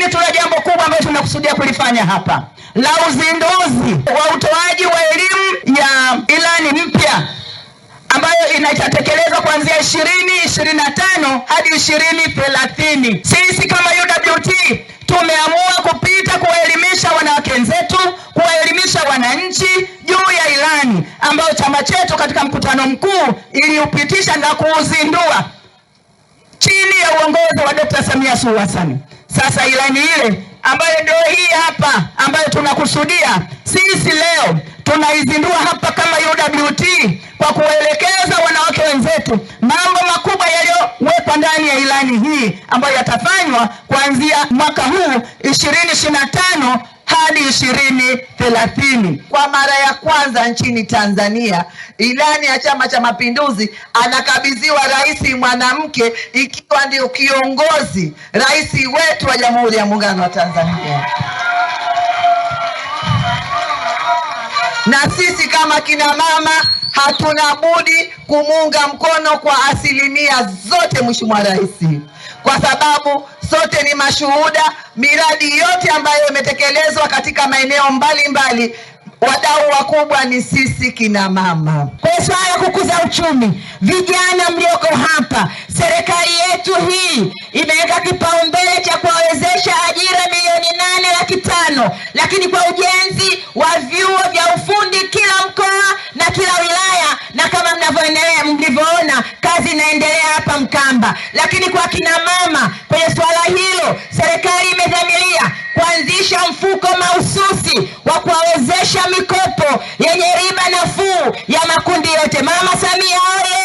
Lakini tuna jambo kubwa ambalo tunakusudia kulifanya hapa la uzinduzi wa utoaji wa elimu ya ilani mpya ambayo inaitatekeleza kuanzia ishirini ishirini na tano hadi ishirini thelathini. Sisi kama UWT tumeamua kupita kuwaelimisha wanawake wenzetu, kuwaelimisha wananchi juu ya ilani ambayo chama chetu katika mkutano mkuu iliupitisha na kuuzindua chini ya uongozi wa Dkt. Samia Suluhu Hassan. Sasa ilani ile ambayo ndio hii hapa ambayo tunakusudia sisi leo tunaizindua hapa kama UWT kwa kuwaelekeza wanawake wenzetu mambo makubwa yaliyowekwa ndani ya ilani hii ambayo yatafanywa kuanzia mwaka huu ishirini Ilani ishirini thelathini kwa mara ya kwanza nchini Tanzania ilani ya Chama cha Mapinduzi anakabidhiwa rais mwanamke, ikiwa ndio kiongozi rais wetu wa Jamhuri ya Muungano wa Tanzania. Na sisi kama kina mama hatuna budi kumuunga mkono kwa asilimia zote Mheshimiwa Rais kwa sababu sote ni mashuhuda. Miradi yote ambayo imetekelezwa katika maeneo mbalimbali, wadau wakubwa ni sisi kina mama. Kwa swala ya kukuza uchumi, vijana mlioko hapa, serikali yetu hii imeweka kipaumbele cha kuwawezesha ajira milioni nane laki tano, lakini kwa ujenzi wa vyuo vya ufundi kila mkoa na kila wilaya, na kama mnavyoendelea mlivyoona, kazi inaendelea hapa Mkamba. Lakini kwa kina mama, kwenye swala hilo, serikali imedhamiria kuanzisha mfuko mahususi wa kuwawezesha mikopo yenye riba nafuu ya makundi yote. Mama Samia oye!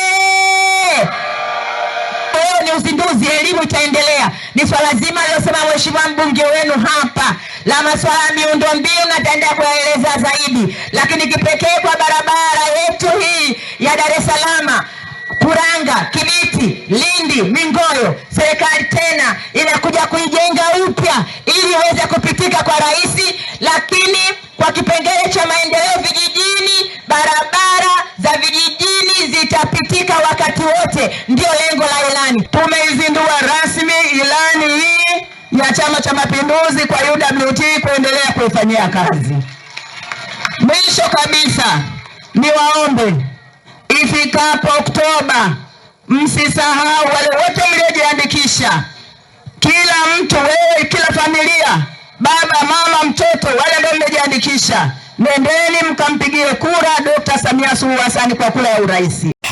Huyo ni uzinduzi, elimu itaendelea. Ni swala zima alilosema mheshimiwa mbunge wenu hapa la masuala ya miundombinu, nataendelea kuyaeleza zaidi, lakini kipekee kwa bara Mufti Mwingoyo, serikali tena inakuja kuijenga upya ili iweze kupitika kwa rahisi lakini kwa kipengele cha maendeleo vijijini, barabara za vijijini zitapitika wakati wote, ndio lengo la ilani. Tumeizindua rasmi ilani hii ya Chama cha Mapinduzi kwa UWT kuendelea kuifanyia kazi. Mwisho kabisa, niwaombe ifikapo Oktoba Msisahau wale wote mliojiandikisha, kila mtu, wewe, kila familia, baba, mama, mtoto, wale ndio mmejiandikisha nendeni mkampigie kura Dr. Samia Suluhu Hassan kwa kura ya urais.